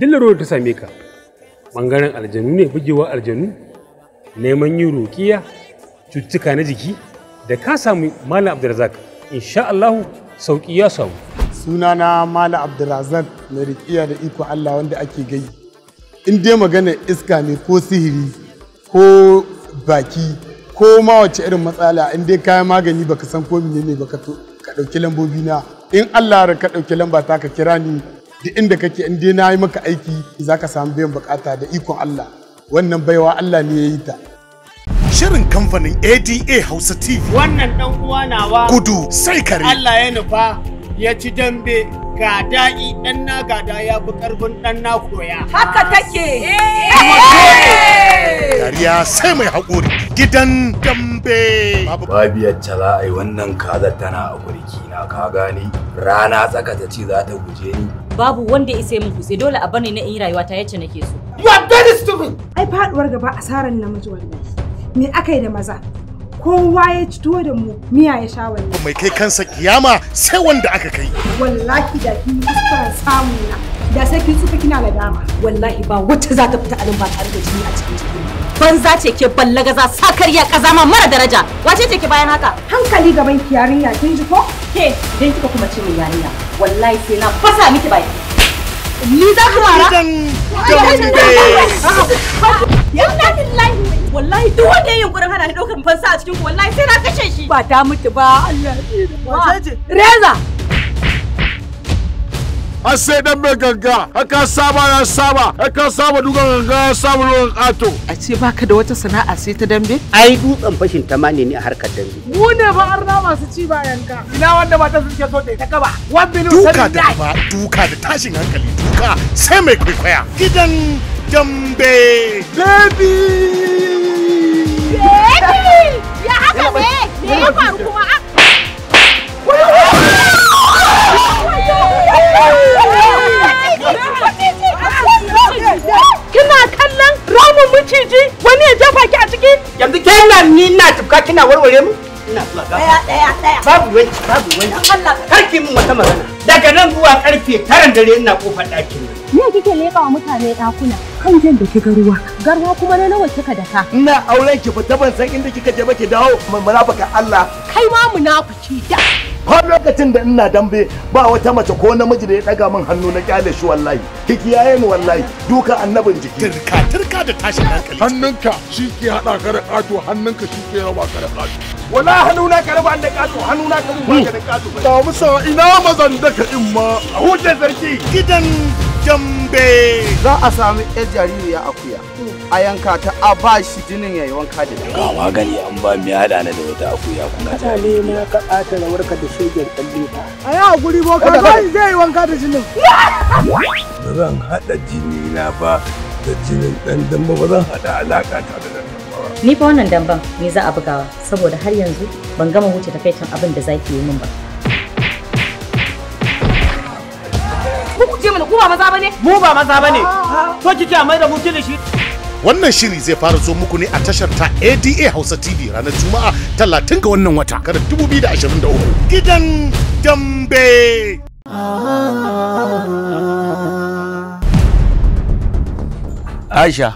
dillaro ta same ka ɓangaren aljanu ne bugewa aljanu neman yin roƙiya cutuka na jiki da ka samu malam abdulrazak insha allahu sauƙi ya samu sunana malam abdulrazak mai riƙiya da iko allah wanda ake gai in dai magana iska ne ko sihiri ko baki ko ma wace irin matsala in dai kayan magani baka san ko ne baka ka ɗauki lambobi na in Allah ka ɗauki lamba ta ka kira ni da inda kake in dai na yi maka aiki za ka samu biyan bukata da ikon Allah wannan baiwa Allah ne yayi ta. Shirin kamfanin ADA Hausa TV. Wannan ɗan uwa nawa. Gudu sai kare. Allah ya nufa. ya ci dambe ga da'i dan na gada ya fi karfin dan na koya haka take eh. Eh. dariya sai mai haƙuri gidan dambe babiyar cala ai wannan kaza tana a gurki na ka gani rana tsaka ta ce za ta guje ni babu wanda ya sai muku sai dole a bani na in rayuwa ta yace nake so you are very stupid ai faduwar gaba asaran namiji wallahi me akai da maza kowa ya ci tuwo da mu miya ya sha wani. Mai kai kansa kiyama sai wanda aka kai. Wallahi da kin kuskura samu na. Da sai kin suka kina da dama. Wallahi ba wacce za ta fita a ba tare da jini a cikin jiki. Banza ce ke ballagaza sakarya kazama mara daraja. Wace ce ke bayan haka? Hankali gaban ki yarinya kin ji ko? Ke dan kika kuma ce min yarinya. Wallahi sai na fasa miki bai. Ni za ku mara? wallahi duk wanda ya yunkurin hana ni daukan fansa a cikin wallahi sai na kashe shi ba ta mutu ba Allah ya reza a sai dan mai ganga haka saba ya saba aka saba duka ganga ya saba ruwan kato a ce baka da wata sana'a sai ta dambe ai dutsen fashin ta ma ne a harkar dambe mu ne ba na masu ci bayan ka ina wanda mata suke so ta kaba one bilu duka da ba duka da tashin hankali duka sai mai kwaikwaya gidan dambe baby ya haka ne ya faru kuma Kina kallon ramin miciji wani ya jefa ki a ciki? Yanzu ke na ni na tufka kina warware mu? Ina zuwa Daya daya daya. Babu wani babu wani. Allah karki min wata magana. Daga nan zuwa karfe taran dare ina kofar ɗakin nan. Me kike leƙa wa mutane ɗakuna? Kan jan da kiga ruwa. Garwa kuma na nawa kika daka. Ina auren ki ba ban san inda kika je ba ki dawo. Mun munafika Allah. Kai ma mu munafiki da. har lokacin da ina dambe ba wata mace ko namiji da ya daga min hannu na kyale shi wallahi kiki yaye ni wallahi duka annabin jiki turka turka da tashin hankali hannunka shi ke hada ka da kato hannunka shi ke raba ka da kato wala hannuna ka raba da kato hannuna ka raba da kato ba musa ina mazan ka in ma a hujjar sarki gidan jambe. za a sami yar jaririya akuya a yanka ta a ba shi jinin yayi wanka da ga gani an ba mi hada na da wata akuya kuma ta ne ma ka ɓata rawar ka da shegen tsalle ta a yi hakuri bo ka kai zai wanka da jinin ba zan hada jini na ba da jinin dan dan ba zan hada alaka ta da dan ni fa wannan damban ni za a bugawa saboda har yanzu ban gama wuce takaicin abin da zaki yi min ba ku ku ce mana ku ba maza bane mu ba maza bane ah. to kike mai da mu kilishi wannan shiri zai fara zo muku ne a tashar ta ada hausa tv ranar juma'a talatin ga wannan wata karar 2023 gidan dambe aisha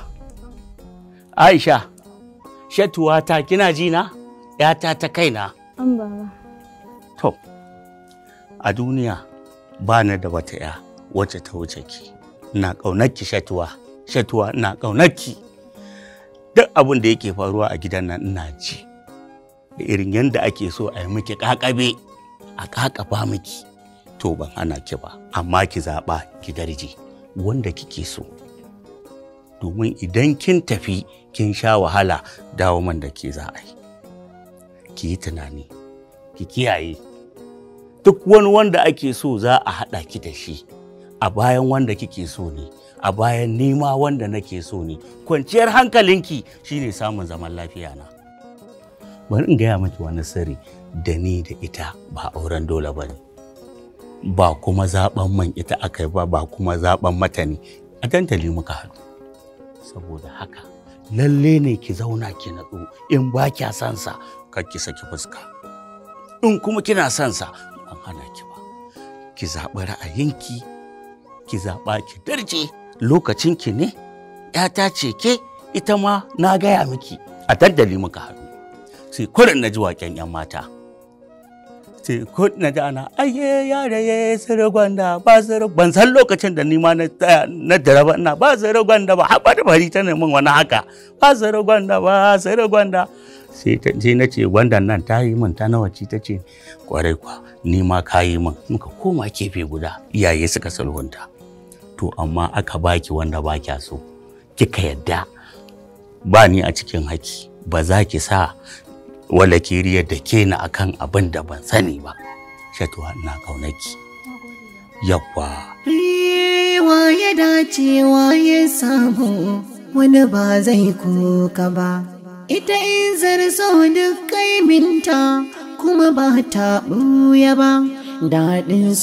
aisha shatuwa ta kina ji na yata ta kaina an to a duniya ba da wata ya wacce ta wuce ki na ƙaunar ki shatuwa shatuwa ina ki duk abin da yake faruwa a gidan nan ina ji da irin yadda ake so a yi miki ƙaƙabe a ƙaƙafa miki to ban hana ki ba amma ki zaɓa ki darje wanda kike so domin idan kin tafi kin sha wahala dawo man da ke za a yi ki yi tunani ki kiyaye duk wani wanda ake so za a haɗa ki da shi a bayan wanda kike so ni, a bayan nima wanda nake so ni, kwanciyar hankalinki shine samun zaman lafiya na bari in gaya miki wani sirri da ni da ita ba auren dole ba ne ba kuma zaben man ita akai ba ba kuma zaben mata ne a dantali muka haɗu saboda haka lalle ne ki zauna ki natsu in ba kya son sa kar ki saki fuska in kuma kina son sa ban hana ki ba ki zaɓi ra'ayinki ki zaɓa ki darje lokacin ki ne ‘yata ce ke ita ma na gaya miki a dandali muka haɗu sai kurin na ji waƙen ‘yan mata sai kurin na ji ana aye yare ya sirri gwanda ba sirri ban san lokacin da nima na na daraba ina ba sirri gwanda ba haɓa da bari ta neman wani haka ba sirri gwanda ba sirri gwanda sai na ce gwanda nan ta yi min ta nawa ci ta ce kwarai kwa ni ma ka yi min muka koma kefe guda iyaye suka sulhunta to amma aka baki wanda ba kya so kika yadda ba ni a cikin haki ba za ki sa wala kiriya da ke na akan abin da ban sani ba shatuwa ina kaunaki yawa wa ya dace wa ya samu wani ba zai kuka ba ita in zarso duk kaiminta kuma ba ta ɓuya ba daɗin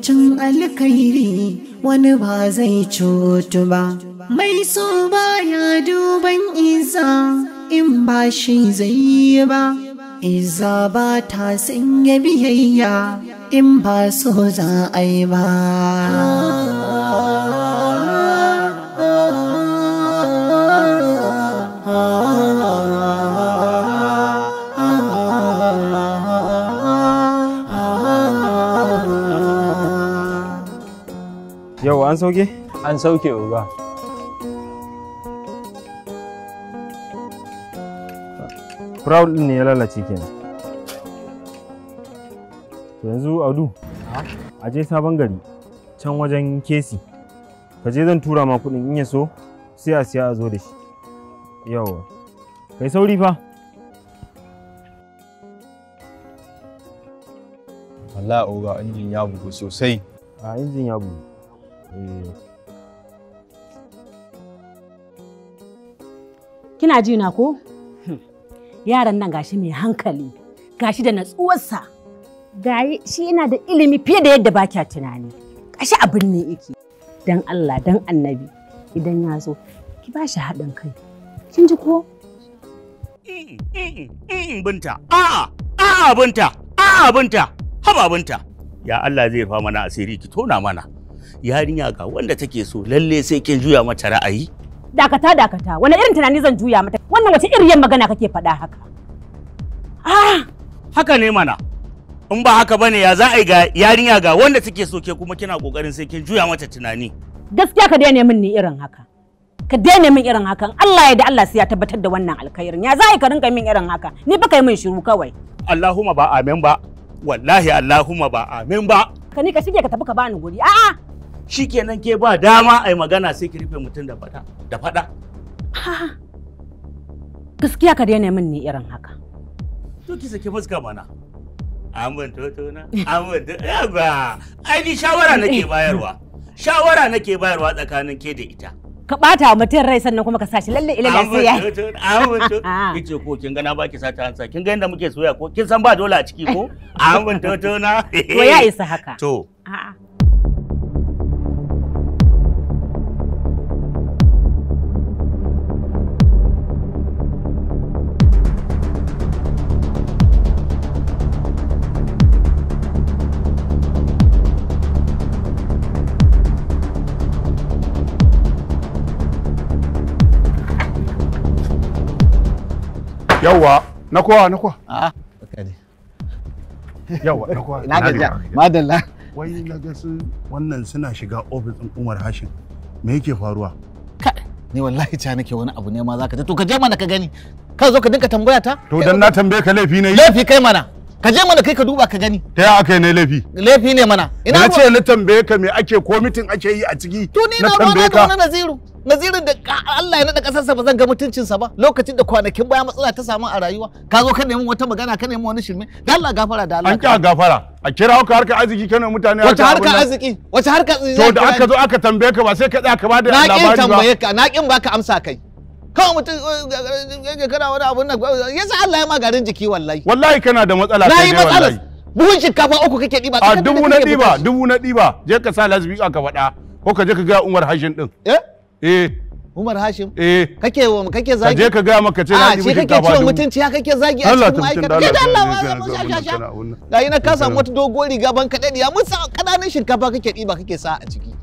cin alkairi wani ba zai cutu ba mai so baya duban iza in ba shi zai yi ba iza ba ta sanya biyayya in ba so za a yi ba an sauke? An sauke uga. Proud ne ya lalace kenan. yanzu Adu, a je sabon gari can wajen kesi. Ka je zan tura ma kuɗin in ya so sai a siya a zo da shi. Yawa. Kai sauri fa. Allah oga injin ya bugu sosai. A injin ya bugu. Kina ji na ko? Yaran nan gashi mai hankali, gashi da natsuwarsa. Gayi shi ina da ilimi fiye da yadda ba kya tunani. Kashi abin ne yake. Dan Allah, dan annabi, idan ya zo, ki ba shi haɗin kai. Kin ji ko? Binta, a'a, a'a binta, a'a binta, haba binta. Ya Allah zai fa mana asiri ki tona mana. yarinya ga wanda take so lalle sai kin juya mata ra'ayi dakata dakata wani irin tunani zan juya mata wannan wace irin iriyar magana kake faɗa haka ah haka ne mana in ba haka bane ya za a yi ga yarinya ga wanda take so ke kuma kina kokarin sai kin juya mata tunani gaskiya ka daina min ni irin haka ka daina min irin haka Allah ya da Allah sai ya tabbatar da wannan alkhairin ya za a ka rinka min irin haka ni ba kai min shiru kawai Allahumma ba amin ba wallahi Allahumma ba amin ba ka ni ka shige ka tafi ka bani guri a'a shikenan ke ba dama ai magana sai ki rufe mutum da fada da fada gaskiya ka daina min ni irin haka to ki saki fuska mana amin to to na amin ba ai ni shawara nake bayarwa shawara nake bayarwa tsakanin ke da ita ka bata mutum rai sannan kuma ka sashi lalle ilala sai ya kice ko kin ga na baki sata hansa kin ga inda muke soya ko kin san ba dole a ciki ko amin toto na to ya isa haka to a'a ah. Yawwa, na kowa, na kowa. A'a, ah. baka ne. Yawwa, na kowa. Ina gaja madalla. Wai na ga su wannan suna shiga ofis ɗin Umar Hashim. Me yake faruwa? Ka, ni wallahi ta nake wani abu ne ma zaka ta. To ka je mana ka gani. Ka zo ka dinka tambaya ta? To dan na tambaye ka laifi ne. Laifi kai mana. ka je mana kai ka duba ka gani ta ya aka yi ne laifi laifi ne mana ina ce na tambaye ka me ake ko mitin ake yi a ciki to ni na tambaye ka na naziru nazirin da Allah ya nada kasarsa ba zan ga mutuncinsa ba lokacin da kwanakin baya matsala ta samu a rayuwa ka zo ka nemi wata magana ka nemi wani shirme da Allah gafara da Allah an kya gafara a kira ka harkar arziki kana mutane wata harkar arziki wata harkar arziki to da aka zo aka tambaye ka ba sai ka tsaya ka bada labari ba na kin tambaye ka na kin baka amsa kai kawai mutum yake eh, eh, eh, kana wani abun nan yasa Allah ya ma garin jiki wallahi wallahi kana da matsala kai ne wallahi buhun shinkafa uku kake diba a dubu na diba dubu na diba je ka sa lasbi ka faɗa ko ka je ka ga Umar Hashin din eh eh Umar Hashim eh kake wa kake zagi kaje ka ga maka ce na ah, ji kake ce mutunci ya kake zagi a cikin ma'aikata kai da Allah ma zan sha sha ga ina ka samu wata dogon riga ban ka diya mun sa kananan shinkafa kake diba kake sa a ciki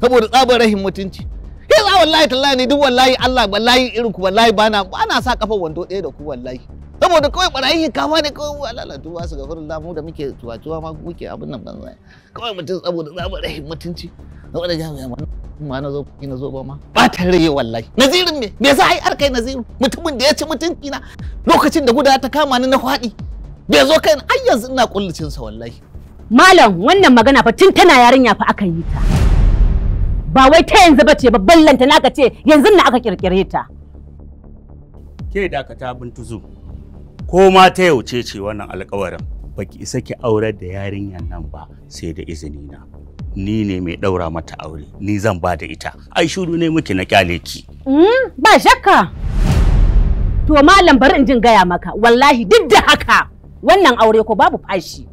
saboda tsabar rahim mutunci kai za wallahi tallahi ne duk wallahi Allah wallahi irin ku wallahi bana bana sa kafa wando ɗaya da ku wallahi saboda kawai barayi kama ne kawai wa lalatu ba su ga farin damu da muke tuwa-tuwa ma muke abin nan banza kawai mutum saboda zaɓa rahin mutunci saboda jami'a ma ma na zo na zo ba ma ba ta rage wallahi nazirin me me yasa ai kai naziru mutumin da ya ci mutunci na lokacin da guda ta kama ni na faɗi bai zo kai ai yanzu ina kullucin sa wallahi malam wannan magana fa tun tana yarinya fa aka yi ta ba wai ta yanzu bace babban lantana aka ce yanzu na aka kirkire ta ke dakata bintu zu ko ma ta yauce ce wannan alkawarin baki isa ki aurar da yarinyar nan ba sai da izini na ni ne mai daura mata aure ni zan ba da ita ai shuru ne miki na kyale ki hmm, ba shakka to malam bari in jin gaya maka wallahi duk da haka wannan aure ko babu fashi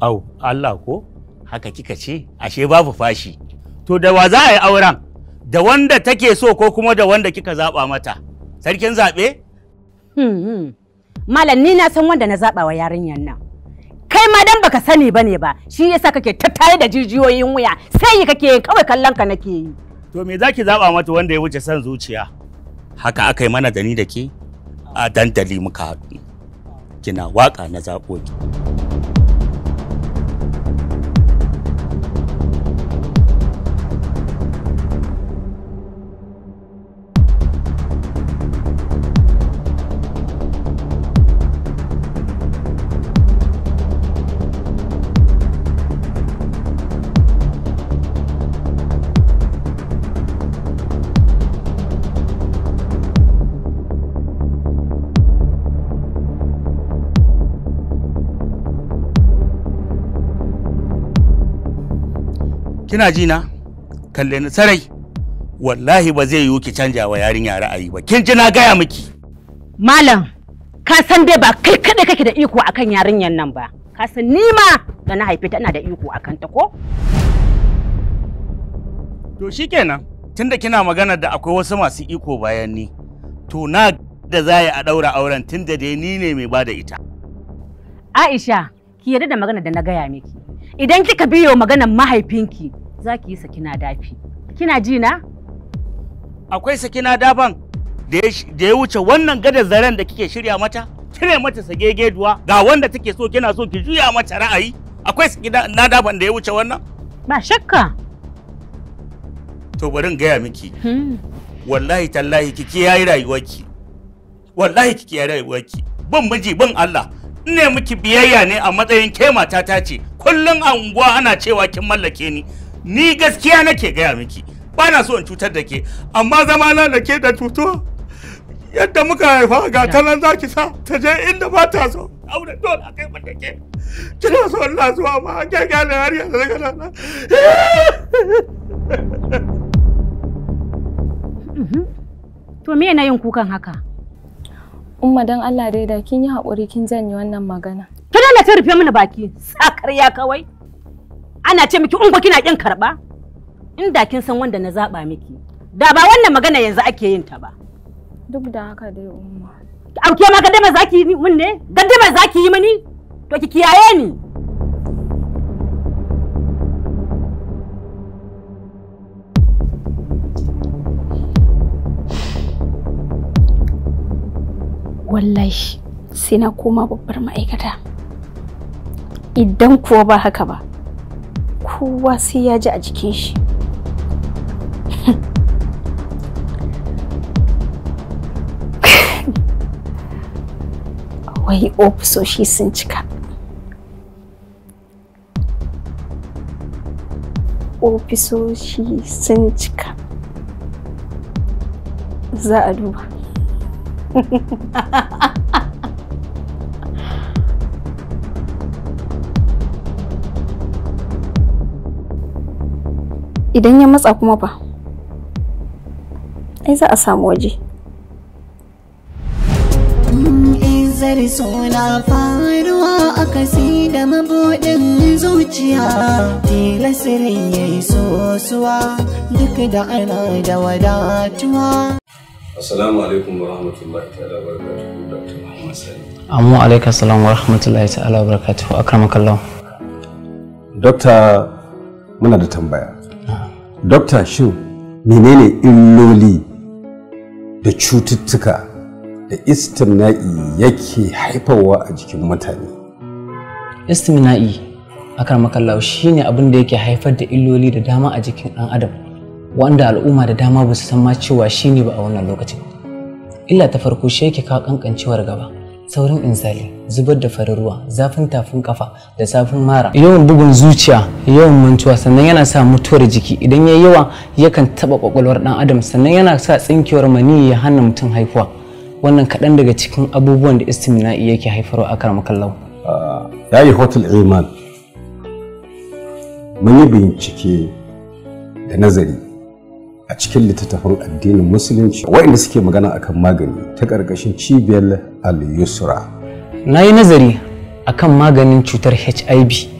au Allah ko haka kika ce ashe babu fashi to da wa za a yi auren da wanda take so ko kuma da wanda kika zaba mata sarkin zabe hmm. hmm. Malam ni na san wanda na zaba wa yarinyar nan. Kai ma dan baka sani bane ba, shi yasa kake tattare da jijiyoyin wuya, sai kake kawai kallon ka nake yi. To me zaki zaba mata wanda ya wuce san zuciya? Haka aka yi mana da da ke a dandali muka haɗu. Kina waka na zaɓo ki. kina ji na kalle ni sarai wallahi ba zai yiwu ki canja wa yarinya ra'ayi ba kin ji na gaya miki malam ka san dai ba kai kada kake da iko akan yarinyan nan ba ka san ni ma da na haife ta ina da iko akan ta ko to shikenan tunda kina magana da akwai wasu masu iko bayan ni to na da zai a daura auren tunda dai ni ne mai bada ita Aisha ki yarda da magana da na gaya miki idan kika biyo maganar mahaifinki za ki yi sakina dafi. Kina ji na? Akwai sakina daban da ya wuce wannan gadar zaren da kike shirya mata? kire mata sagegeduwa ga wanda take so kina so ki juya mata ra'ayi? Akwai sakina daban da ya wuce wannan? Ba shakka. To bari in gaya miki. Hmm. Wallahi tallahi kiki yayi rayuwarki. Wallahi kiki yayi rayuwarki. Bin miji bin Allah. ne miki biyayya ne a matsayin ke matata ce kullum a unguwa ana cewa kin mallake ni ni gaskiya nake gaya miki ba na so in cutar da ke amma zama na da ke da cuto yadda muka haifa ga talan za ki sa ta je inda ba ta so aure dole a kai da ke kina so Allah zuwa ma an gaga da har yanzu daga nan to me na yin kukan haka umma dan Allah dai da kin yi hakuri kin janye wannan magana kina na ta rufe mini baki sakar ya kawai ana ce miki ungo kina kin karba inda kin san wanda na zaba miki da ba wannan magana yanzu ake yin ta ba duk da haka dai umma auke ma gaddama zaki yi mun ne gaddama zaki yi mani to ki kiyaye ni wallahi sai na koma babbar ma'aikata idan kuwa ba haka ba kowa sai ya ji a jikin shi wai ofisoshi sun cika ofisoshi sun cika za a duba idan ya matsa kuma fa ai za a samu waje zar suna faruwa a kasi da mabuɗin zuciya ya yi duk da ana da wadatuwa assalamu alaikum wa rahmatullahi ta'ala wa barakatuhu dr muhammad sani amma alaikum assalam wa rahmatullahi ta'ala wa barakatuhu akramakallahu dokta muna da tambaya dokta shin menene illoli da cututtuka da istimna'i yake haifarwa a jikin mutane istimna'i akar makallau shi ne abin da yake haifar da illoli da dama a jikin ɗan adam wanda al'umma da dama ba su san ma cewa shi ne ba a wannan lokacin illa ta farko shi yake kawo kankancewar gaba saurin insali zubar da farin ruwa zafin tafin kafa da zafin mara yawan bugun zuciya yawan mantuwa sannan yana sa mutuwar jiki idan ya yawa yakan taɓa kwakwalwar ɗan adam sannan yana sa tsinkewar mani ya hana mutum haifuwa wannan kaɗan daga cikin abubuwan da istimna'i yake haifarwa a kallon. ya yi hotel iman mun yi bincike da nazari a cikin littattafan addinin musulunci waɗanda suke magana akan magani ta ƙarƙashin cibiyar al-yusra na yi nazari akan maganin cutar hiv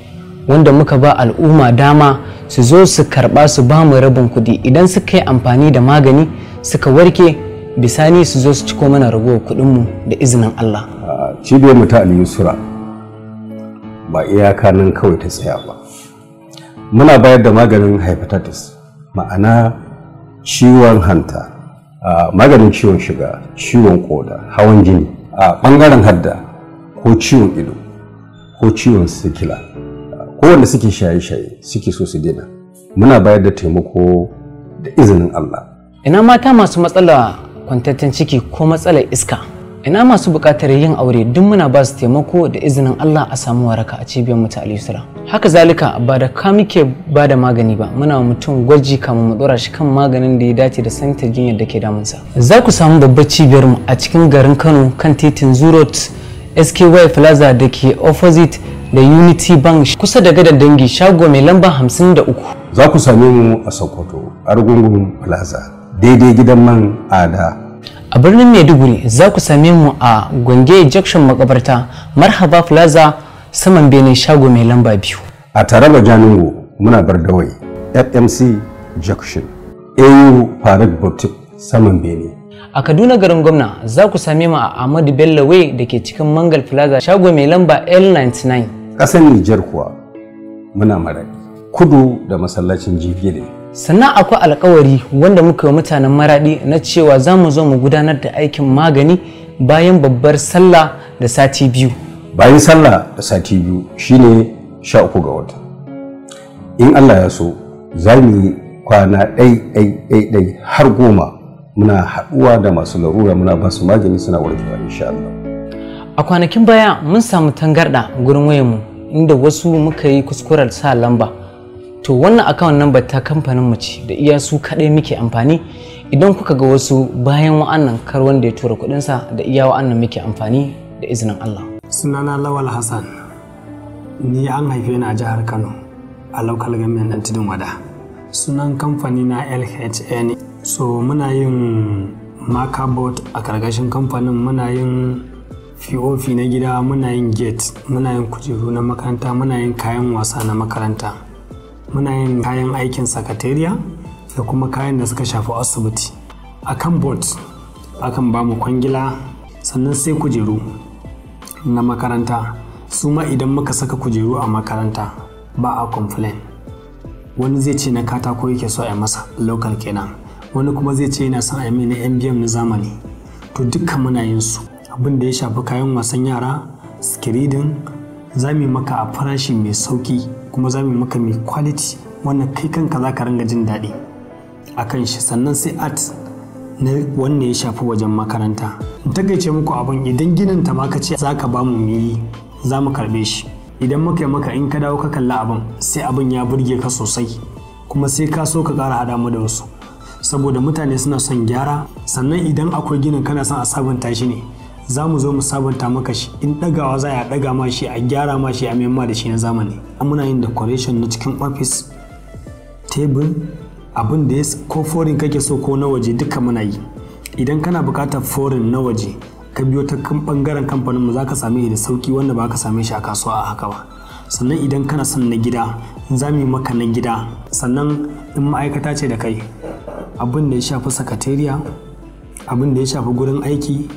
wanda muka ba al'umma dama su zo su karɓa su ba mu rabin kuɗi idan suka yi amfani da magani suka warke bisani su zo su ciko mana rabuwa kuɗinmu da izinin allah cibiyar mu ta al-yusra ba iyaka nan kawai ta tsaya ba muna bayar da maganin hepatitis ma'ana ciwon hanta a maganin ciwon shiga ciwon koda hawan jini a bangaren hadda ko ciwon ido ko ciwon sikila ko suke shaye-shaye suke so su dina muna bayar da taimako da izinin Allah ina mata masu matsala kwantaccen ciki ko matsalar iska ina masu buƙatar yin aure duk muna ba su taimako da izinin Allah a samu waraka a cibiyar mu ta al haka zalika ba da ka muke ba da magani ba muna mutum gwaji kamar mu dora shi kan maganin da ya dace da sanita jinyar da ke damunsa za ku samu babbar cibiyar mu a cikin garin Kano kan titin Zurot SKY Plaza da ke opposite da Unity Bank kusa da gadan dangi shago mai lamba 53 za ku same mu a Sokoto Argungun Plaza daidai gidan man Ada a birnin maiduguri za ku same mu a gwange jakshin makabarta marhaba plaza saman benin shago mai lamba biyu a tare da janingo muna bardawai fmc jakshin au faruk boutique saman benin a kaduna garin gwamna za ku same mu a ahmadu bello way da ke cikin mangal plaza shago mai lamba l99 ƙasar nijar kuwa muna marari kudu da masallacin jibiya sannan akwai alkawari wanda muka yi mutanen maradi na cewa za mu zo mu gudanar da aikin magani bayan babbar sallah da sati biyu bayan sallah da sati biyu shine sha uku ga wata in allah ya so za mu yi kwana ɗai har goma muna haɗuwa da masu larura muna ba su magani suna warkewa insha allah a kwanakin baya mun samu tangarɗa gurin wayanmu inda wasu muka yi kuskurar sa lamba to wannan account number ta kamfanin mu ce da iya su kadai muke amfani idan kuka ga wasu bayan wa'annan kar wanda ya tura sa da iya wa'annan muke amfani da izinin Allah sunana Lawal Hassan ni an haife ni a jihar Kano a local government ɗin Tudun Wada sunan kamfani na LHN so muna yin makabot a karkashin kamfanin muna yin fiofi na gida muna yin gate muna yin kujeru na makaranta muna yin kayan wasa na makaranta muna yin kayan aikin sakatariya da kuma kayan da suka shafi asibiti a akan bot akan ba mu kwangila sannan sai kujeru na makaranta su ma idan muka saka kujeru a makaranta ba a complain wani zai ce na katako yake so a masa local kenan wani kuma zai ce yana son a yi na mbm na zamani to dukkan muna yin su abin da ya shafi kayan wasan yara skiridin za mu maka a farashi mai sauki kuma za mu maka mai quality wannan kai kanka za ka ringa jin daɗi a kan shi sannan sai art na wanda ya shafi wajen makaranta in takaice muku abin idan ginin ta ma ka ce za ka ba mu yi za mu karɓe shi idan muka maka in ka dawo ka kalla abin sai abin ya burge ka sosai kuma sai ka so ka ƙara hada mu da wasu saboda mutane suna son gyara sannan idan akwai ginin kana son a sabunta shi ne za mu zo mu sabunta maka shi in ɗagawa za a ɗaga ma shi a gyara ma shi a mayamma da shi na zamani muna yin decoration na cikin office table abin da ya ko foreign kake so ko na waje duka muna yi idan kana bukatar foreign na waje ka biyo ta kan bangaren kamfanin mu za ka same shi da sauki wanda ba ka same shi a kasuwa a haka ba sannan idan kana son na gida za mu yi maka na gida sannan in ma'aikata ce da kai abin da ya shafi sakatariya abin da ya shafi gurin aiki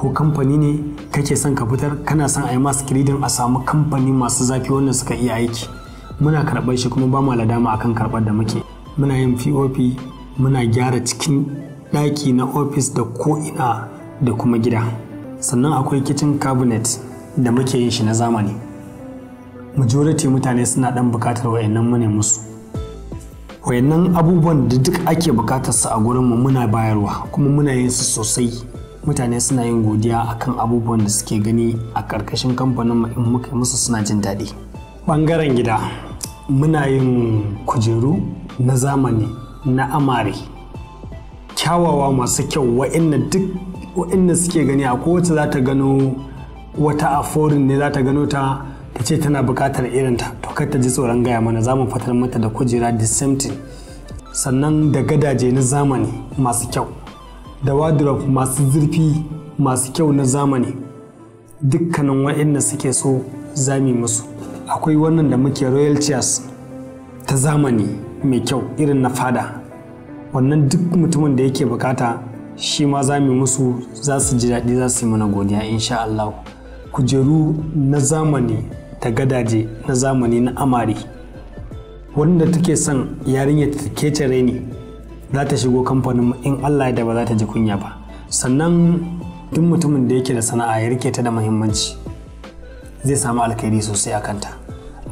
ko kamfani ne kake son ka fitar kana son a yi masu kiridin a samu kamfani masu zafi wanda suka iya aiki muna karɓar shi kuma ba mu ladama akan karɓar da muke muna yin pop muna gyara cikin ɗaki na ofis da ko'ina da kuma gida sannan akwai kitchen cabinet da muke yin shi na zamani majority mutane suna ɗan buƙatar wayannan mu musu wayannan abubuwan da duk ake buƙatar su a gurinmu muna bayarwa kuma muna yin su sosai mutane suna yin godiya a kan abubuwan da suke gani a ƙarƙashin kamfanin in muka musu suna jin daɗi ɓangaren gida muna yin kujeru na zamani na amare kyawawa masu kyau wa'inda suke gani a kowace za ta gano wata aforin ne za ta gano ta ta ce tana bukatar irinta to kar ta ji tsoron gaya mana za mu fatar mata da kujera the same sannan da gadaje na zamani masu kyau da wardrobe masu zurfi masu kyau na zamani dukkanin waɗanda suke so zami musu akwai wannan da muke royal chairs ta zamani mai kyau irin na fada wannan duk mutumin da yake bukata shi ma zami musu za su ji daɗi za su yi mana godiya insha Allah kujeru na zamani ta gadaje na zamani na amari. wanda take son yarinya ta kece ne za ta shigo kamfanin in Allah ya da ba za ta ji kunya ba sannan duk mutumin da yake da sana'a ya rike ta da muhimmanci zai samu alkhairi sosai a kanta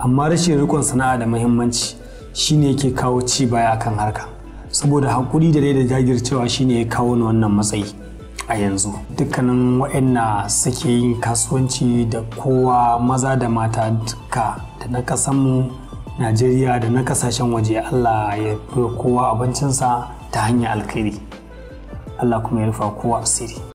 amma rashin rikon sana'a da muhimmanci shine yake kawo ci baya akan harka saboda hakuri da dai da jagircewa shine ya kawo ni wannan matsayi a yanzu dukkanin waɗanda suke yin kasuwanci da kowa maza da mata duka da na kasanmu najeriya da na kasashen waje allah ya fi kowa abincinsa ta hanyar alkhairi allah kuma ya rufa kowa asiri